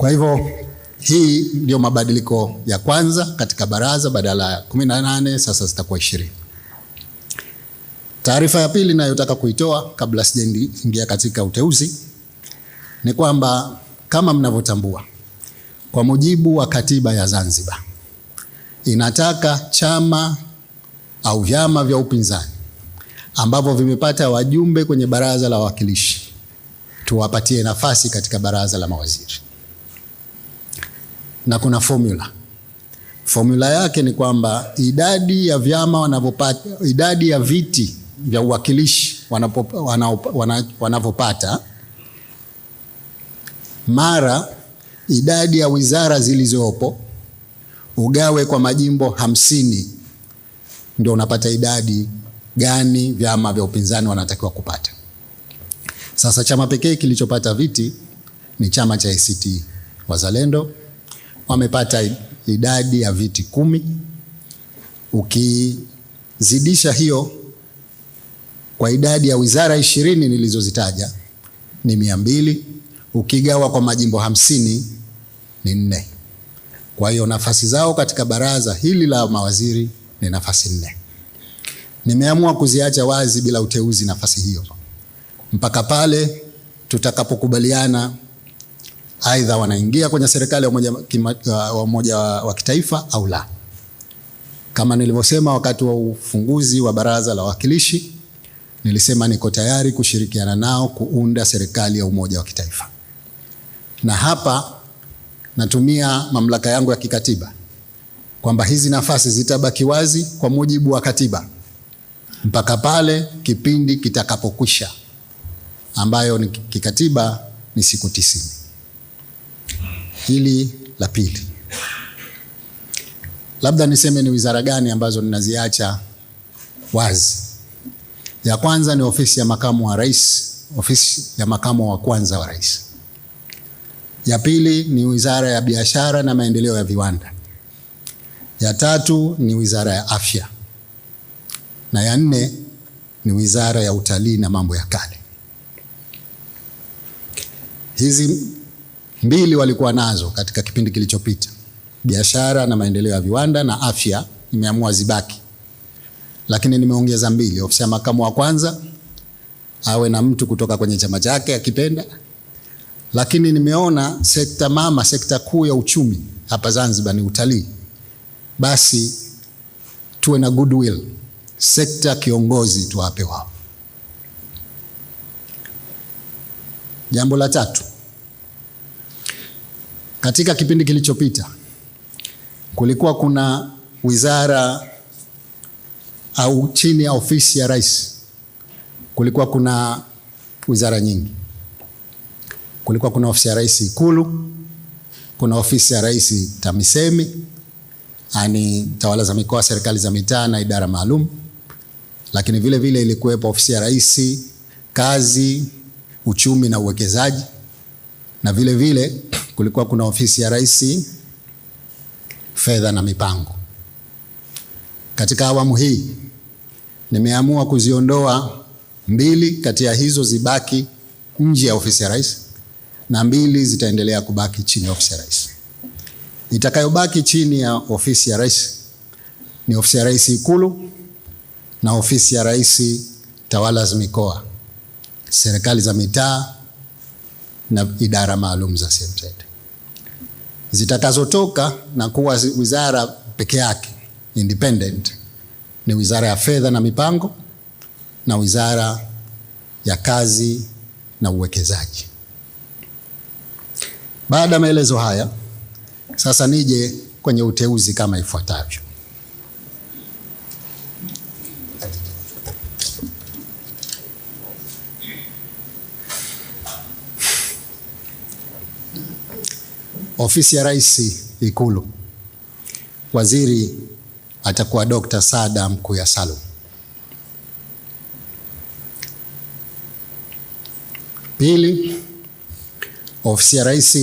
Kwa hivyo hii ndio mabadiliko ya kwanza katika baraza, badala ya kumi na nane sasa zitakuwa ishirini. Taarifa ya pili inayotaka kuitoa kabla sijaingia katika uteuzi ni kwamba kama mnavyotambua, kwa mujibu wa katiba ya Zanzibar inataka chama au vyama vya upinzani ambavyo vimepata wajumbe kwenye baraza la wawakilishi tuwapatie nafasi katika baraza la mawaziri na kuna formula. Formula yake ni kwamba idadi ya vyama wanavyopata, idadi ya viti vya uwakilishi wanavyopata mara idadi ya wizara zilizopo ugawe kwa majimbo hamsini, ndio unapata idadi gani vyama vya upinzani wanatakiwa kupata. Sasa chama pekee kilichopata viti ni chama cha ACT Wazalendo wamepata idadi ya viti kumi. Ukizidisha hiyo kwa idadi ya wizara ishirini nilizozitaja ni mia mbili, ukigawa kwa majimbo hamsini ni nne. Kwa hiyo nafasi zao katika baraza hili la mawaziri ni nafasi nne. Nimeamua kuziacha wazi bila uteuzi nafasi hiyo mpaka pale tutakapokubaliana aidha wanaingia kwenye serikali ya umoja, wa umoja wa kitaifa au la. Kama nilivyosema wakati wa ufunguzi wa baraza la wawakilishi, nilisema niko tayari kushirikiana nao kuunda serikali ya umoja wa kitaifa, na hapa natumia mamlaka yangu ya kikatiba kwamba hizi nafasi zitabaki wazi kwa mujibu wa katiba mpaka pale kipindi kitakapokwisha, ambayo ni kikatiba ni siku tisini hili la pili. Labda niseme ni wizara gani ambazo ninaziacha wazi. Ya kwanza ni ofisi ya makamu wa rais, ofisi ya makamu wa kwanza wa rais. Ya pili ni wizara ya biashara na maendeleo ya viwanda. Ya tatu ni wizara ya afya, na ya nne ni wizara ya utalii na mambo ya kale. Hizi mbili walikuwa nazo katika kipindi kilichopita, biashara na maendeleo ya viwanda na afya, nimeamua zibaki, lakini nimeongeza mbili. Ofisa makamu wa kwanza awe na mtu kutoka kwenye chama chake akipenda, lakini nimeona sekta mama, sekta kuu ya uchumi hapa Zanzibar ni utalii, basi tuwe na goodwill, sekta kiongozi tuwape wao. Jambo la tatu katika kipindi kilichopita kulikuwa kuna wizara au chini ya ofisi ya rais kulikuwa kuna wizara nyingi. Kulikuwa kuna ofisi ya rais Ikulu, kuna ofisi ya rais TAMISEMI, yani tawala za mikoa, serikali za mitaa na idara maalum, lakini vile vile ilikuwepo ofisi ya rais kazi, uchumi na uwekezaji na vile vile kulikuwa kuna ofisi ya Rais fedha na mipango. Katika awamu hii nimeamua kuziondoa mbili kati ya hizo zibaki nje ya ofisi ya Rais na mbili zitaendelea kubaki chini ya ofisi ya Rais. Itakayobaki chini ya ofisi ya Rais ni ofisi ya Rais Ikulu na ofisi ya Rais tawala za mikoa, serikali za mitaa na idara maalum za CMZ zitakazotoka na kuwa wizara peke yake independent ni wizara ya fedha na mipango na wizara ya kazi na uwekezaji. Baada ya maelezo haya, sasa nije kwenye uteuzi kama ifuatavyo. Ofisi ya Rais Ikulu, waziri atakuwa Dr. Saada Mkuya Salum. Pili, ofisi ya Rais,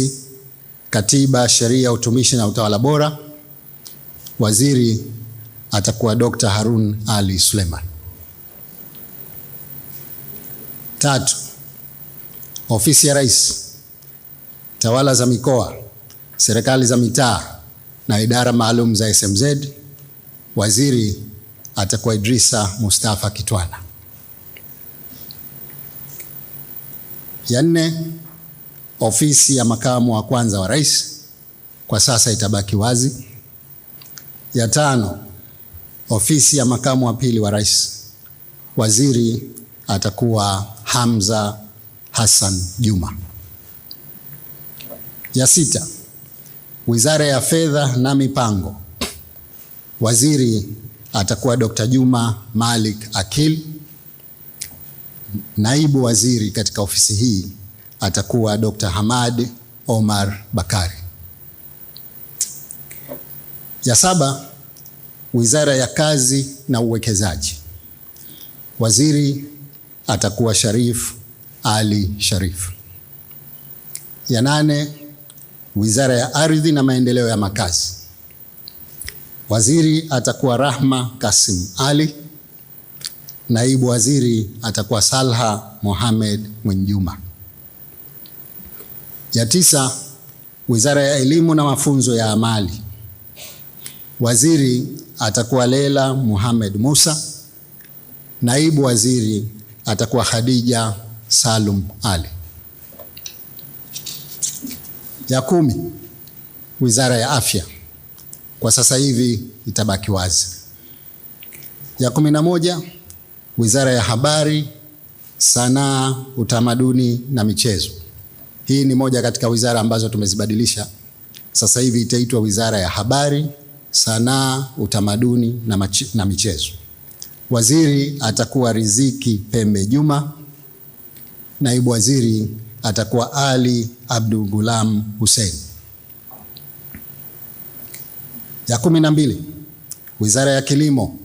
Katiba, Sheria, Utumishi na Utawala Bora, waziri atakuwa Dr. Harun Ali Suleiman. Tatu, ofisi ya Rais, Tawala za Mikoa serikali za mitaa na idara maalum za SMZ, waziri atakuwa Idrisa Mustafa Kitwana. Ya nne, ofisi ya makamu wa kwanza wa rais kwa sasa itabaki wazi. Ya tano, ofisi ya makamu wa pili wa rais, waziri atakuwa Hamza Hassan Juma. Ya sita Wizara ya Fedha na Mipango, waziri atakuwa Dr. Juma Malik Akil. Naibu waziri katika ofisi hii atakuwa Dr. Hamad Omar Bakari. Ya saba, Wizara ya Kazi na Uwekezaji, waziri atakuwa Sharif Ali Sharif. Ya nane Wizara ya Ardhi na Maendeleo ya Makazi. Waziri atakuwa Rahma Kasim Ali. Naibu waziri atakuwa Salha Mohamed Mwinjuma. Ya tisa, Wizara ya Elimu na Mafunzo ya Amali. Waziri atakuwa Leila Muhamed Musa. Naibu waziri atakuwa Khadija Salum Ali ya kumi, wizara ya afya kwa sasa hivi itabaki wazi. Ya kumi na moja, wizara ya habari, sanaa, utamaduni na michezo. Hii ni moja katika wizara ambazo tumezibadilisha. Sasa hivi itaitwa wizara ya habari, sanaa, utamaduni na, na michezo. Waziri atakuwa Riziki Pembe Juma, naibu waziri atakuwa Ali Abdul Gulam Hussein. Ya kumi na mbili, Wizara ya Kilimo,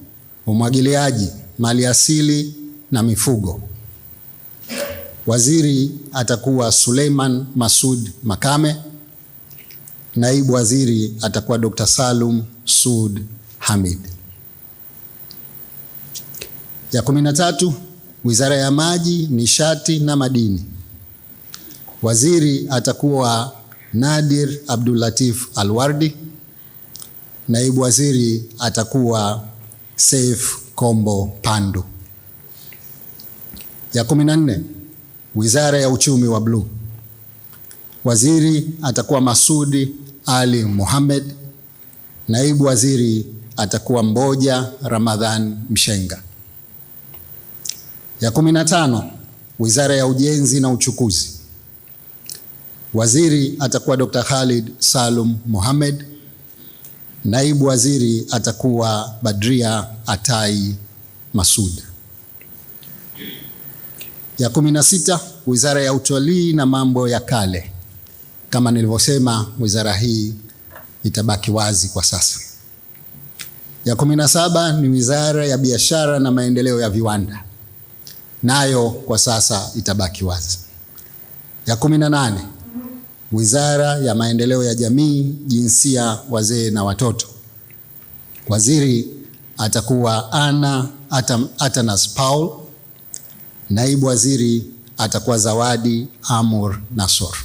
Umwagiliaji, Mali Asili na Mifugo. Waziri atakuwa Suleiman Masud Makame. Naibu waziri atakuwa Dr. Salum Sud Hamid. Ya kumi na tatu, Wizara ya Maji, Nishati na Madini. Waziri atakuwa Nadir Abdulatif Alwardi, naibu waziri atakuwa Saif Kombo Pandu. Ya kumi na nne, wizara ya uchumi wa bluu, waziri atakuwa Masudi Ali Mohamed, naibu waziri atakuwa Mboja Ramadhan Mshenga. Ya kumi na tano, wizara ya ujenzi na uchukuzi Waziri atakuwa Dr. Khalid Salum Mohamed, naibu waziri atakuwa Badria Atai Masud. Ya kumi na sita, Wizara ya Utalii na Mambo ya Kale. Kama nilivyosema, wizara hii itabaki wazi kwa sasa. Ya kumi na saba ni Wizara ya Biashara na Maendeleo ya Viwanda, nayo kwa sasa itabaki wazi. Ya kumi na nane Wizara ya Maendeleo ya Jamii, Jinsia, Wazee na Watoto. Waziri atakuwa Ana Atanas Paul. Naibu waziri atakuwa Zawadi Amur Nasor.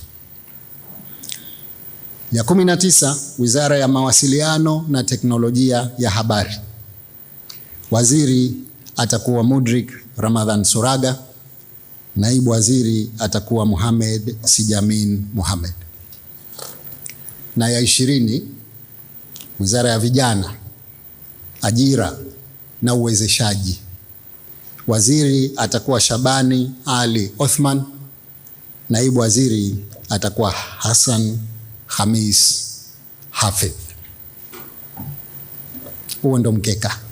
Ya kumi na tisa, Wizara ya Mawasiliano na Teknolojia ya Habari. Waziri atakuwa Mudrik Ramadhan Suraga. Naibu waziri atakuwa Mohamed Sijamin Mohamed. Na ya ishirini, Wizara ya Vijana, Ajira na Uwezeshaji, waziri atakuwa Shabani Ali Othman. Naibu waziri atakuwa Hassan Hamis Hafidh. Huo ndo mkeka.